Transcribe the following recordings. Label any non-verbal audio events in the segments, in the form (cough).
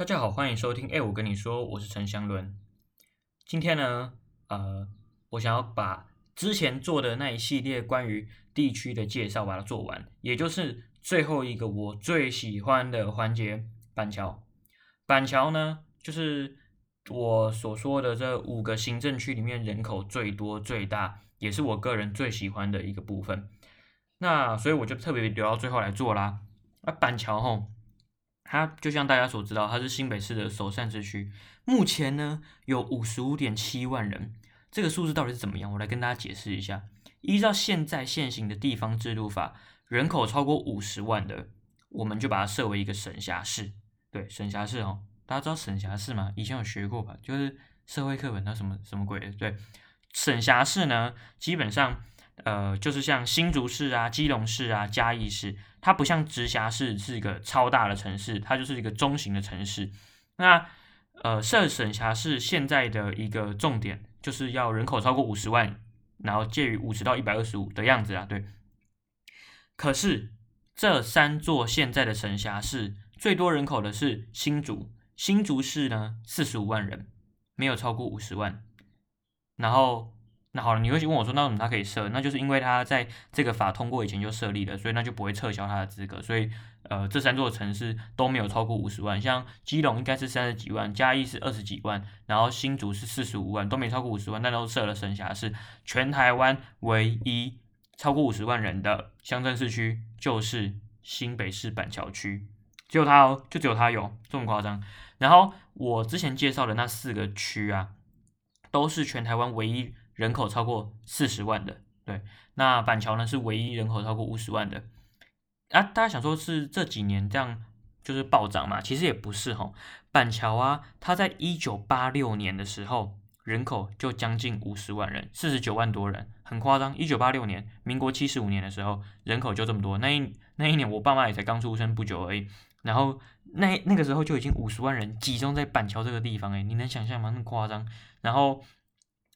大家好，歡迎收聽。哎、欸，我跟你說，我是陳祥倫。今天呢，呃，我想要把之前做的那一系列關於地區的介紹把它做完，也就是最後一個我最喜歡的環節——板橋。板橋呢，就是我所說的這五個行政區裡面人口最多、最大，也是我個人最喜歡的一個部分。那所以我就特別留到最後來做啦。那板橋吼。它就像大家所知道，它是新北市的首善之區。目前呢，有五十五點七萬人，這個數字到底是怎麼樣？我來跟大家解釋一下。依照現在現行的地方制度法，人口超過五十萬的，我們就把它設為一個省轄市。對，省轄市哦，大家知道省轄市嗎？以前有學過吧？就是社會課本那什麼什麼鬼？對，省轄市呢，基本上。呃，就是像新竹市啊、基隆市啊、嘉義市，它不像直轄市是一個超大的城市，它就是一個中型的城市。那呃設省轄市現在的一個重點就是要人口超過五十萬，然後介於五十到一百二十五的樣子啊。對。可是這三座現在的省轄市最多人口的是新竹，新竹市呢四十五萬人，沒有超過五十萬，然後。那好了，你會問我說，那怎麼他可以設？那就是因為他在這個法通過以前就設立了，所以那就不會撤銷他的資格。所以，呃，這三座城市都沒有超過五十萬，像基隆應該是三十幾萬，嘉義是二十幾萬，然後新竹是四十五萬，都沒超過五十萬，但都設了省轄市。全台灣唯一超過五十萬人的鄉鎮市區就是新北市板橋區，只有他哦，就只有他有這麼誇張。然後我之前介紹的那四個區啊，都是全台灣唯一。人口超過四十萬的，對，那板橋呢是唯一人口超過五十萬的啊。大家想說，是這幾年這樣就是暴漲嘛？其實也不是哈。板橋啊，他在一九八六年的時候，人口就將近五十萬人，四十九萬多人，很誇張。一九八六年，民國七十五年的時候，人口就這麼多。那一那一年，我爸媽也才剛出生不久而已。然後那那個時候就已經五十萬人集中在板橋這個地方，哎，你能想象嗎？那麼誇張，然後。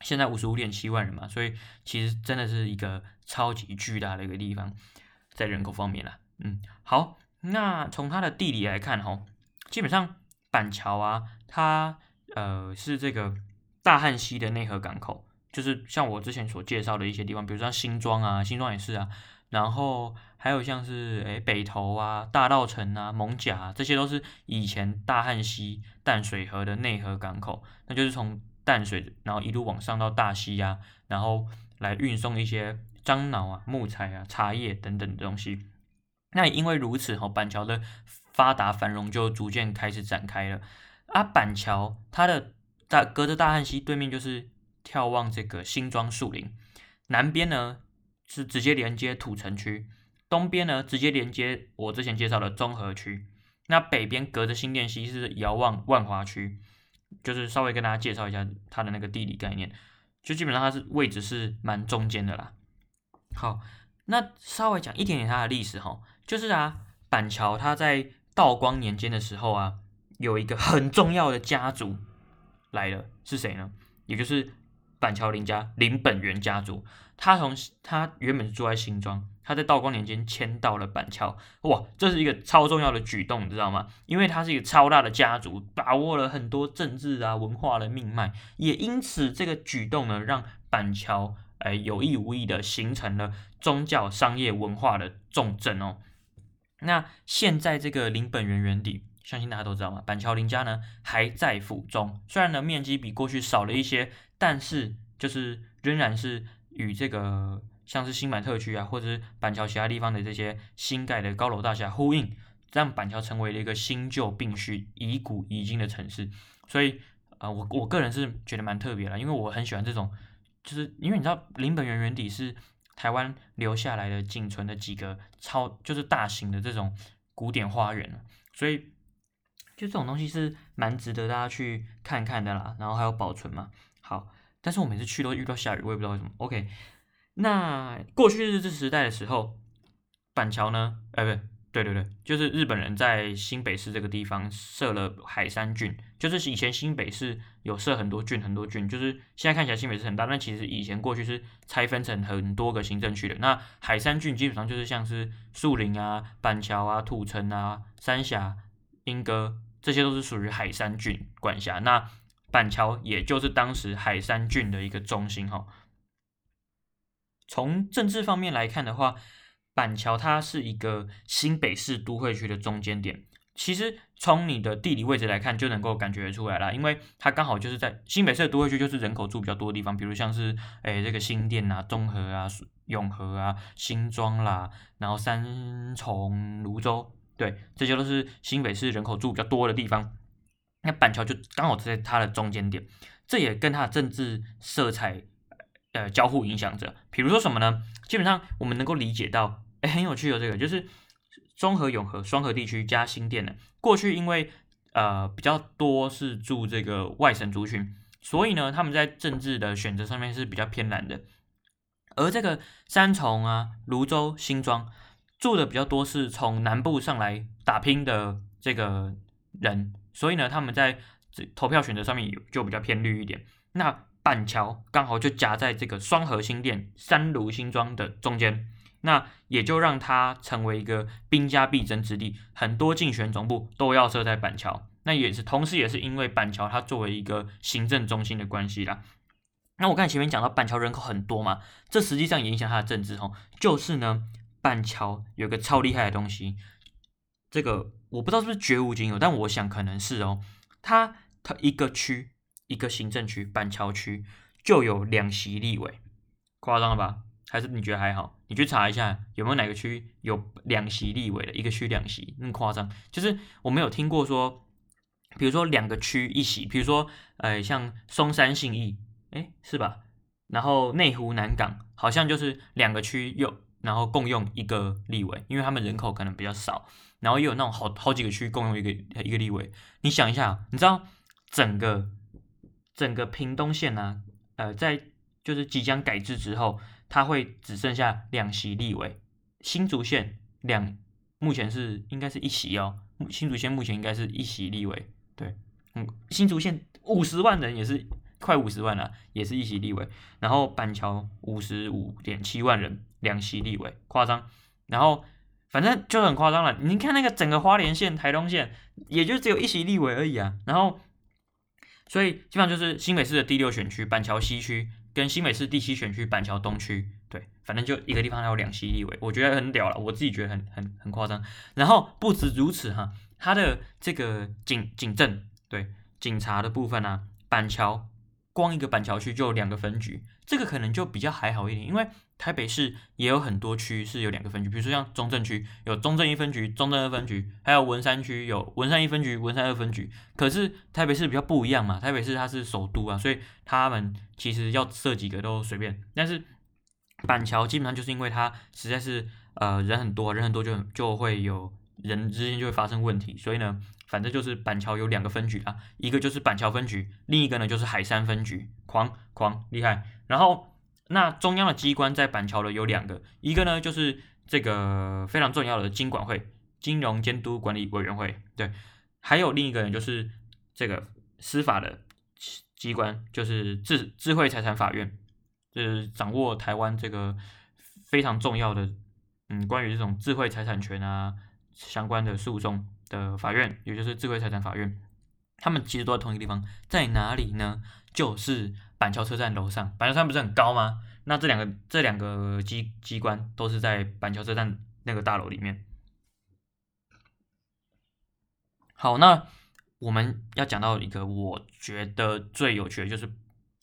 現在五十五點七萬人嘛，所以其實真的是一個超級巨大的一個地方，在人口方面啦，嗯，好，那從它的地理來看哈、哦，基本上板橋啊，它呃是這個大漢溪的內河港口，就是像我之前所介紹的一些地方，比如像新莊啊，新莊也是啊，然後還有像是哎北投啊、大稻埕啊、艋舺啊，這些都是以前大漢溪淡水河的內河港口，那就是從。淡水，然後一路往上到大溪啊，然後來運送一些樟腦啊、木材啊、茶葉等等的東西。那也因為如此，吼板橋的發達繁榮就逐漸開始展開了。啊，板橋它的隔著大隔着大漢溪對面就是眺望這個新莊樹林，南邊呢是直接連接土城區，東邊呢直接連接我之前介紹的中和區，那北邊隔着新店溪是遙望萬華區。就是稍微跟大家介紹一下它的那個地理概念，就基本上它是位置是蠻中間的啦。好，那稍微講一點點它的歷史哈，就是啊，板橋它在道光年間的時候啊，有一個很重要的家族來了，是誰呢？也就是板橋林家林本源家族，他從他原本是住在新莊。他在道光年間遷到了板橋，哇，這是一個超重要的舉動，你知道嗎？因為他是一個超大的家族，把握了很多政治啊、文化的命脈，也因此這個舉動呢，讓板橋哎、欸、有意無意的形成了宗教、商業、文化的重鎮哦。那現在這個林本源園邸，相信大家都知道嘛，板橋林家呢還在府中，雖然呢面積比過去少了一些，但是就是仍然是與這個。像是新板特區啊，或者是板橋其他地方的這些新蓋的高樓大廈，呼應，讓板橋成為了一個新舊並蓄、亦古亦今的城市。所以，啊、呃，我我個人是覺得蠻特別啦，因為我很喜歡這種，就是因為你知道林本源園邸是台灣留下來的僅存的幾個超就是大型的這種古典花園，所以就這種東西是蠻值得大家去看看的啦。然後還有保存嘛，好，但是我每次去都遇到下雨，我也不知道為什麼。OK。那過去日治時代的時候，板橋呢？哎、欸，不對，對對對，就是日本人在新北市這個地方設了海山郡。就是以前新北市有設很多郡，很多郡，就是現在看起來新北市很大，但其實以前過去是拆分成很多個行政區的。那海山郡基本上就是像是樹林啊、板橋啊、土城啊、三峽、鶯歌，這些都是屬於海山郡管轄。那板橋也就是當時海山郡的一個中心哈、哦。從政治方面來看的話，板橋它是一個新北市都會區的中間點。其實從你的地理位置來看，就能夠感覺得出來了，因為它剛好就是在新北市的都會區，就是人口住比較多的地方，比如像是哎這個新店啊、中和啊、永和啊、新莊啦、啊，然後三重、蘆洲，對，這些都是新北市人口住比較多的地方。那板橋就剛好在它的中間點，這也跟它的政治色彩。呃，交互影響着，比如說什麼呢？基本上我們能夠理解到，哎、欸，很有趣的、哦、這個，就是中和永和雙和地區加新店的過去，因為呃比較多是住這個外省族群，所以呢他們在政治的選擇上面是比較偏藍的。而這個三重啊、蘆洲、新莊住的比較多，是從南部上來打拼的這個人，所以呢他們在投票選擇上面就比較偏綠一點。那。板橋剛好就夾在這個雙和新店、三蘆新莊的中間，那也就讓它成為一個兵家必爭之地，很多競選總部都要設在板橋。那也是，同時也是因為板橋它作為一個行政中心的關係啦。那我看前面講到板橋人口很多嘛，這實際上也影響它的政治吼。就是呢，板橋有個超厲害的東西，這個我不知道是不是絕無僅有，但我想可能是哦。它它一個區。一個行政區板橋區就有兩席立委，誇張了吧？還是你覺得還好？你去查一下有沒有哪個區有兩席立委的，一個區兩席那麼誇張？就是我沒有聽過說，比如說兩個區一席，比如說呃像松山信義，哎是吧？然後內湖南港好像就是兩個區又然後共用一個立委，因為他們人口可能比較少，然後又有那種好好幾個區共用一個一個立委。你想一下，你知道整個。整個屏東縣呢、啊，呃，在就是即將改制之後，它會只剩下兩席立委。新竹縣兩，目前是應該是一席哦，新竹縣目前應該是一席立委。對，嗯，新竹縣五十萬人也是、嗯、快五十萬了、啊，也是一席立委。然後板橋五十五點七萬人兩席立委，誇張。然後反正就很誇張了。你看那個整個花蓮縣、台東縣，也就只有一席立委而已啊。然後。所以基本上就是新北市的第六選區板橋西區跟新北市第七選區板橋東區，對，反正就一個地方還有兩席立委，我覺得很屌了，我自己覺得很很很誇張。然後不止如此哈，他的這個警警政，對，警察的部分呢、啊，板橋。光一個板橋區就有兩個分局，這個可能就比較還好一點，因為台北市也有很多區是有兩個分局，比如說像中正區有中正一分局、中正二分局，還有文山區有文山一分局、文山二分局。可是台北市比較不一樣嘛，台北市它是首都啊，所以他們其實要設幾個都隨便。但是板橋基本上就是因為它實在是呃人很多，人很多就很，就會有。人之間就會發生問題，所以呢，反正就是板橋有兩個分局啊，一個就是板橋分局，另一個呢就是海山分局，狂狂厲害。然後那中央的機關在板橋的有兩個，一個呢就是這個非常重要的金管會，金融監督管理委員會，對，還有另一個呢就是這個司法的機關，就是智智慧財產法院，就是掌握台灣這個非常重要的，嗯，關於這種智慧財產權啊。相關的訴訟的法院，也就是智慧財產法院，他們其實都在同一個地方，在哪裡呢？就是板橋車站樓上。板橋車站不是很高嗎？那這兩個這兩個機機關都是在板橋車站那個大樓裡面。好，那我們要講到一個我覺得最有趣的，就是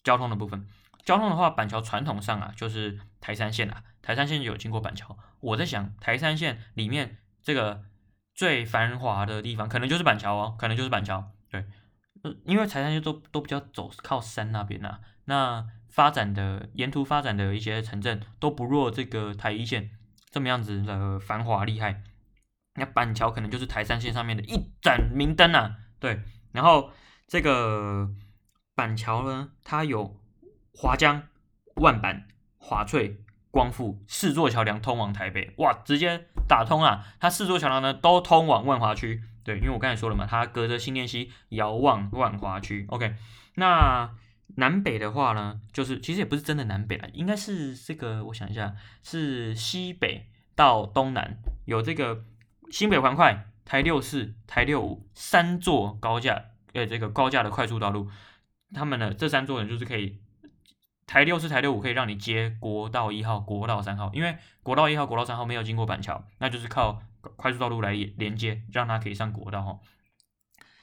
交通的部分。交通的話，板橋傳統上啊，就是台三線啊，台三線有經過板橋。我在想台三線裡面。這個最繁華的地方，可能就是板橋哦，可能就是板橋。對，呃、因為台三線都都比較走靠山那邊吶、啊，那發展的沿途發展的一些城鎮，都不若這個台一線這麼樣子的繁華厲害。那板橋可能就是台三線上面的一盞明燈啊。對，然後這個板橋呢，它有華江、萬板、華翠、光復四座橋樑通往台北，哇，直接打通啊，它四座橋樑呢都通往萬華區，對，因為我剛才說了嘛，它隔着新店溪遙望萬華區。OK，那南北的話呢，就是其實也不是真的南北了，應該是這個，我想一下，是西北到東南，有這個新北環快、台六四、台六五三座高架，呃、欸，這個高架的快速道路，他們的這三座呢就是可以。台六四、台六五，可以讓你接國道一號、國道三號，因為國道一號、國道三號沒有經過板橋，那就是靠快速道路來連接，讓它可以上國道哈，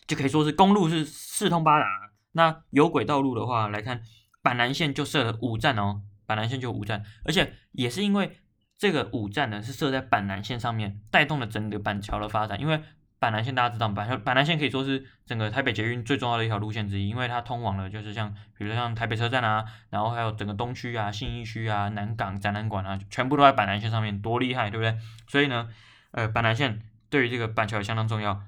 就可以說是公路是四通八達。那有軌道路的話來看，板南線就設了五站哦，板南線就五站，而且也是因為這個五站呢是設在板南線上面，帶動了整個板橋的發展，因為。板南線大家知道，板橋板南線可以說是整個台北捷運最重要的一條路線之一，因為它通往了就是像，比如像台北車站啊，然後還有整個東區啊、信義區啊、南港展覽館啊，全部都在板南線上面，多厲害，對不對？所以呢，呃，板南線對於這個板橋也相當重要，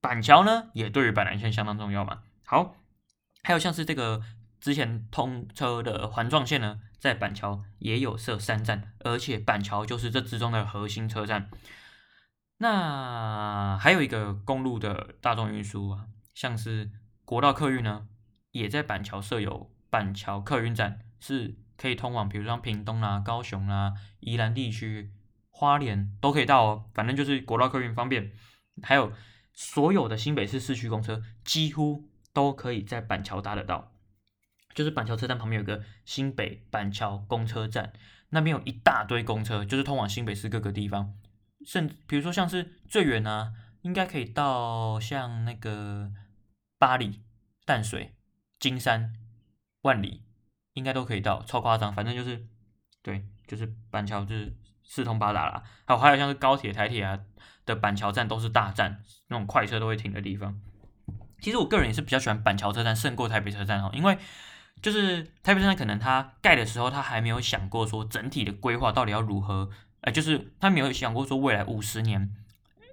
板橋呢也對於板南線相當重要嘛。好，還有像是這個之前通車的環狀線呢，在板橋也有設三站，而且板橋就是這之中的核心車站。那還有一個公路的大眾運輸啊,像是國道客運呢，也在板橋設有板橋客運站，是可以通往，比如說屏東啊、高雄啊、宜蘭地區、花蓮都可以到哦。反正就是國道客運方便，還有所有的新北市市區公車幾乎都可以在板橋搭得到，就是板橋車站旁邊有個新北板橋公車站，那邊有一大堆公車，就是通往新北市各個地方。甚至，比如說像是最遠啊，應該可以到像那個八里、淡水、金山、萬里，應該都可以到，超誇張。反正就是，對，就是板橋就是四通八達啦。還有還有像是高鐵、台鐵啊的板橋站都是大站，那種快車都會停的地方。其實我個人也是比較喜歡板橋車站勝過台北車站哈，因為就是台北車站可能它蓋的時候，它還沒有想過說整體的規劃到底要如何。哎，就是他沒有想過說未來五十年，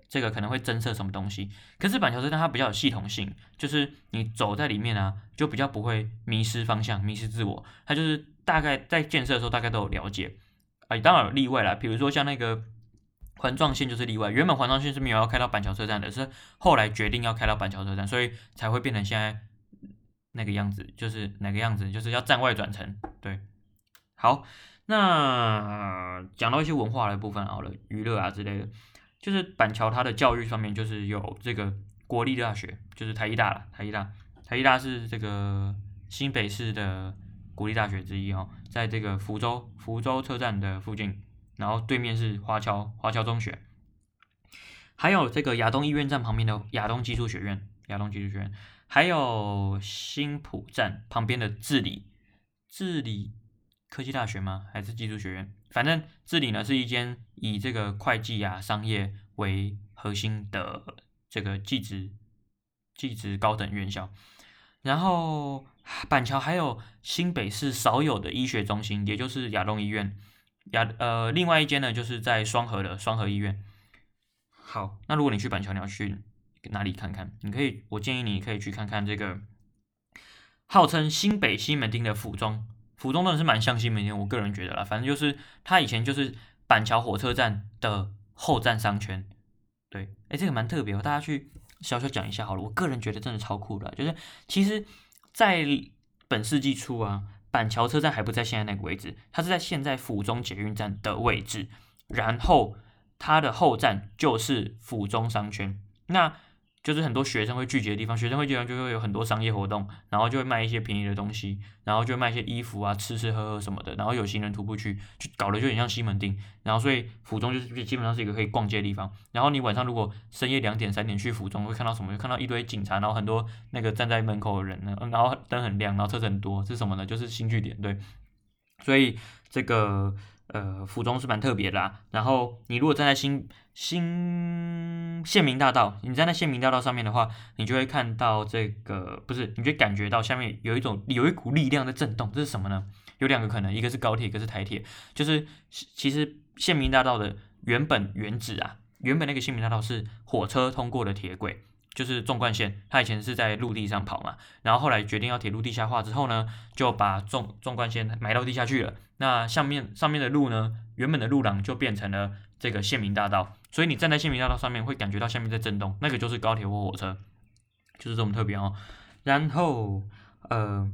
這個可能會增設什麼東西。可是板橋車站它比較有系統性，就是你走在裡面啊，就比較不會迷失方向、迷失自我。他就是大概在建設的時候大概都有了解，啊、哎，當然有例外啦，比如說像那個環狀線就是例外，原本環狀線是沒有要開到板橋車站的，是後來決定要開到板橋車站，所以才會變成現在那個樣子，就是哪個樣子，就是要站外轉乘。對，好。那講到一些文化的部分，好了，娛樂啊之類的，就是板橋它的教育上面就是有這個國立大學，就是台藝大了，台藝大，台藝大是這個新北市的國立大學之一哦，在這個浮洲、浮洲車站的附近，然後對面是華僑華僑中學，還有這個亞東醫院站旁邊的亞東技術學院，亞東技術學院，還有新埔站旁邊的致理致理科技大學嗎？還是技術學院？反正這裡呢是一間以這個會計啊、商業為核心的這個技職技職高等院校。然後板橋還有新北市少有的醫學中心，也就是亞東醫院。亞呃，另外一間呢就是在雙和的雙和醫院。好，那如果你去板橋，你要去哪裡看看？你可以，我建議你可以去看看這個號稱新北西門町的府中。府中真的是蠻像新的，我個人覺得啦，反正就是它以前就是板橋火車站的後站商圈，對，哎，這個蠻特別哦，大家去小小講一下好了。我個人覺得真的超酷的，就是其實在本世紀初啊，板橋車站還不在現在那個位置，它是在現在府中捷運站的位置，然後它的後站就是府中商圈，那。就是很多學生會聚集的地方，學生會就會有很多商業活動，然後就會賣一些便宜的東西，然後就會賣一些衣服啊，吃吃喝喝什麼的，然後有行人徒步去，就搞得就有點像西門町，然後所以府中就是基本上是一個可以逛街的地方。然後你晚上如果深夜兩點三點去府中，會看到什麼？就看到一堆警察，然後很多那個站在門口的人呢，然後燈很亮，然後車子很多，是什麼呢？就是新據點，對，所以這個。呃，府中是蠻特別的啊。然後你如果站在新新縣民大道，你站在縣民大道上面的話，你就會看到這個，不是，你就會感覺到下面有一種有一股力量在震動，這是什麼呢？有兩個可能，一個是高鐵，一個是台鐵。就是其實縣民大道的原本原址啊，原本那個縣民大道是火車通過的鐵軌。就是縱貫線，它以前是在陸地上跑嘛，然後後來決定要鐵路地下化之後呢，就把縱縱貫線埋到地下去了。那下面上面的路呢，原本的路廊就變成了這個縣民大道，所以你站在縣民大道上面會感覺到下面在震動，那個就是高鐵或火車，就是這種特別哦。然後呃，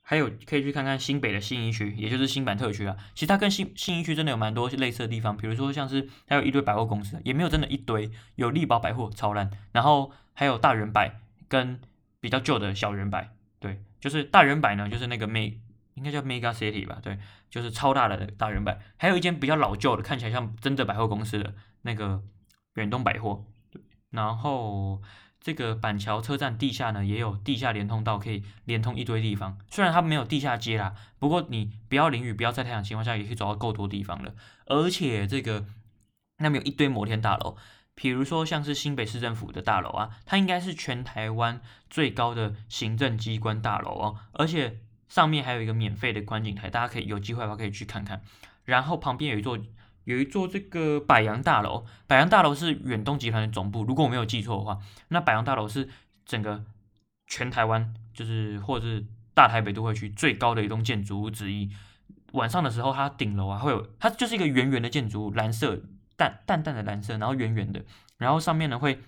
還有可以去看看新北的信義區，也就是新板特區啊。其實它跟新信義區真的有蠻多類似的地方，比如說像是它有一堆百貨公司，也沒有真的一堆，有麗寶百貨超爛，然後。還有大遠百跟比較舊的小遠百，對，就是大遠百呢，就是那個美，應該叫 Mega City 吧，對，就是超大的大遠百，還有一間比較老舊的，看起來像真的百貨公司的那個遠東百貨，對，然後這個板橋車站地下呢，也有地下連通道，可以連通一堆地方。雖然它沒有地下街啦，不過你不要淋雨，不要在太陽情況下，也可以找到夠多地方了。而且這個那邊有一堆摩天大樓。比如說，像是新北市政府的大樓啊，它應該是全台灣最高的行政機關大樓哦、啊，而且上面還有一個免費的觀景台，大家可以有機會的話可以去看看。然後旁邊有一座有一座這個百揚大樓，百揚大樓是遠東集團的總部，如果我沒有記錯的話，那百揚大樓是整個全台灣就是或者是大台北都會區最高的一棟建築物之一。晚上的時候，它頂樓啊會有，它就是一個圓圓的建築物，藍色。淡淡淡的藍色，然後圓圓的，然後上面呢會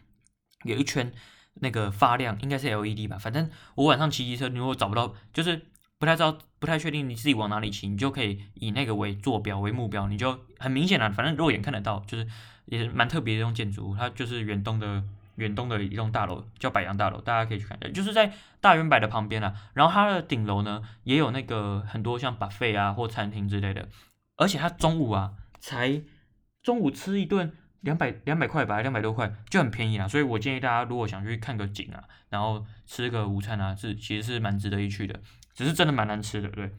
有一圈那個發亮，應該是 LED 吧。反正我晚上騎機車，如果找不到，就是不太知道，不太確定你自己往哪裡騎，你就可以以那個為坐標為目標，你就很明顯的、啊、反正肉眼看得到，就是也蠻特別的一棟建築物，它就是遠東的遠東的一棟大樓，叫百洋大樓，大家可以去看，就是在大遠百的旁邊啊，然後它的頂樓呢也有那個很多像 buffet 啊或餐廳之類的，而且它中午啊才。中午吃一頓兩百兩百塊吧，兩百多塊就很便宜啦，所以我建議大家如果想去看個景啊，然後吃個午餐啊，是其實是蠻值得一去的，只是真的蠻難吃的，對。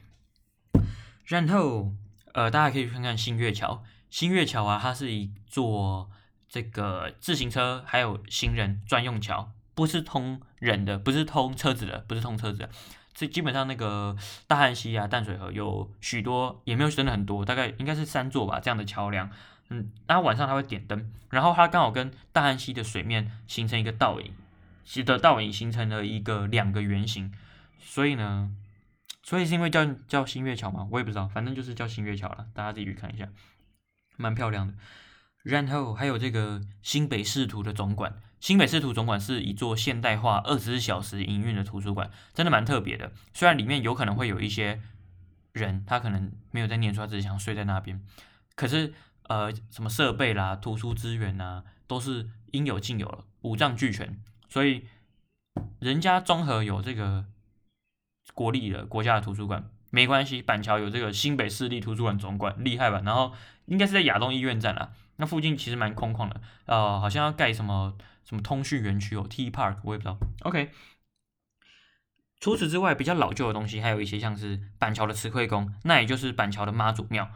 然後呃，大家可以看看新月橋，新月橋啊，它是一座這個自行車還有行人專用橋，不是通人的，不是通車子的，不是通車子的。這基本上那個大漢溪啊、淡水河有許多，也沒有真的很多，大概應該是三座吧這樣的橋梁。嗯，他晚上他會點燈，然後他剛好跟大漢溪的水面形成一個倒影，使得倒影形成了一個兩個圓形，所以呢，所以是因為叫叫新月橋嘛，我也不知道，反正就是叫新月橋了，大家自己去看一下，蠻漂亮的。然後還有這個新北市圖的總館，新北市圖總館是一座現代化、二十四小時營運的圖書館，真的蠻特別的。雖然裡面有可能會有一些人，他可能沒有在念書，他只想睡在那邊，可是。呃，什麼設備啦、圖書資源啦，都是應有盡有了，五臟俱全。所以人家中和有這個國立的國家的圖書館。沒關係，板橋有這個新北市立圖書館總館，厲害吧？然後應該是在亞東醫院站啦，那附近其實蠻空曠的，呃，好像要蓋什麼什麼通訊園區哦，T Park (noise) 我也不知道。OK，除此之外，比較老舊的東西還有一些，像是板橋的慈惠宮，那也就是板橋的媽祖廟。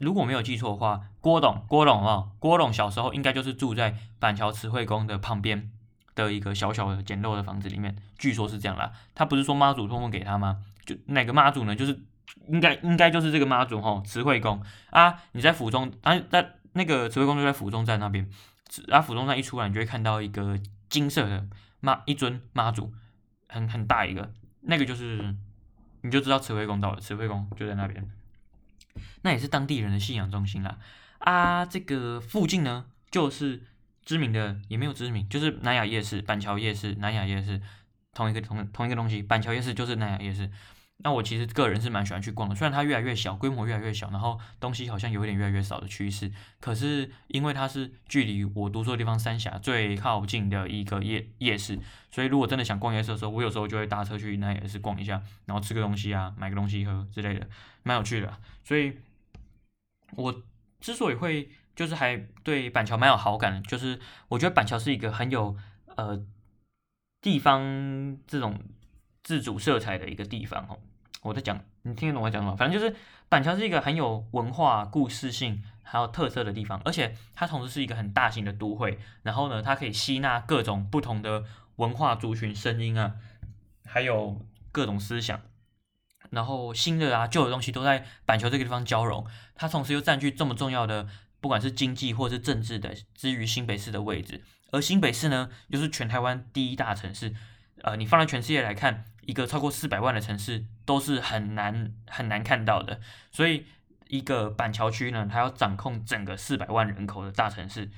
如果沒有記錯的話，郭董，郭董啊，郭董小時候應該就是住在板橋慈惠宮的旁邊的一個小小的簡陋的房子裡面，據說是這樣啦。他不是說媽祖託夢給他嗎？就哪、那個媽祖呢？就是應該應該就是這個媽祖哈，慈惠宮啊。你在府中，啊在那個慈惠宮就在府中站那邊，啊府中站一出來，你就會看到一個金色的媽一尊媽祖，很很大一個，那個就是你就知道慈惠宮到了，慈惠宮就在那邊。那也是當地人的信仰中心啦，啊，這個附近呢，就是知名的，也沒有知名，就是南雅夜市、板橋夜市、南雅夜市，同一個同同一個東西，板橋夜市就是南雅夜市。那我其實個人是蠻喜歡去逛的，雖然它越來越小，規模越來越小，然後東西好像有一點越來越少的趨勢，可是因為它是距離我讀書的地方三峽最靠近的一個夜夜市，所以如果真的想逛夜市的時候，我有時候就會搭車去那夜市逛一下，然後吃個東西啊，買個東西喝之類的，蠻有趣的啊。所以，我之所以會就是還對板橋蠻有好感的，就是我覺得板橋是一個很有呃地方這種。自主色彩的一個地方哦，我在講，你聽得懂我講什麼？反正就是板橋是一個很有文化故事性，還有特色的地方，而且它同時是一個很大型的都會。然後呢，它可以吸納各種不同的文化族群聲音啊，還有各種思想，然後新的啊舊的東西都在板橋這個地方交融。它同時又占據這麼重要的，不管是經濟或是政治的，之於新北市的位置。而新北市呢，又，就是全台灣第一大城市，呃，你放在全世界來看。一個超過四百萬的城市都是很難很難看到的，所以一個板橋區呢，它要掌控整個四百萬人口的大城市，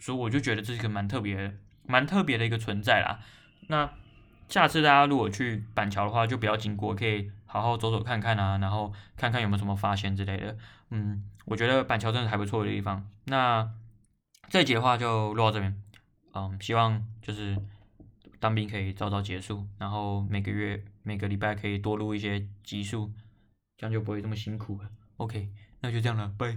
所以我就覺得這是一個蠻特別的蠻特別的一個存在啦。那下次大家如果去板橋的話，就不要經過，可以好好走走看看啊，然後看看有沒有什麼發現之類的。嗯，我覺得板橋真的還不錯的地方。那這一集的話就錄到這邊，嗯，希望就是。當兵可以早早結束，然後每個月每個禮拜可以多錄一些集數，這樣就不會這麼辛苦了。OK，那就這樣了，拜。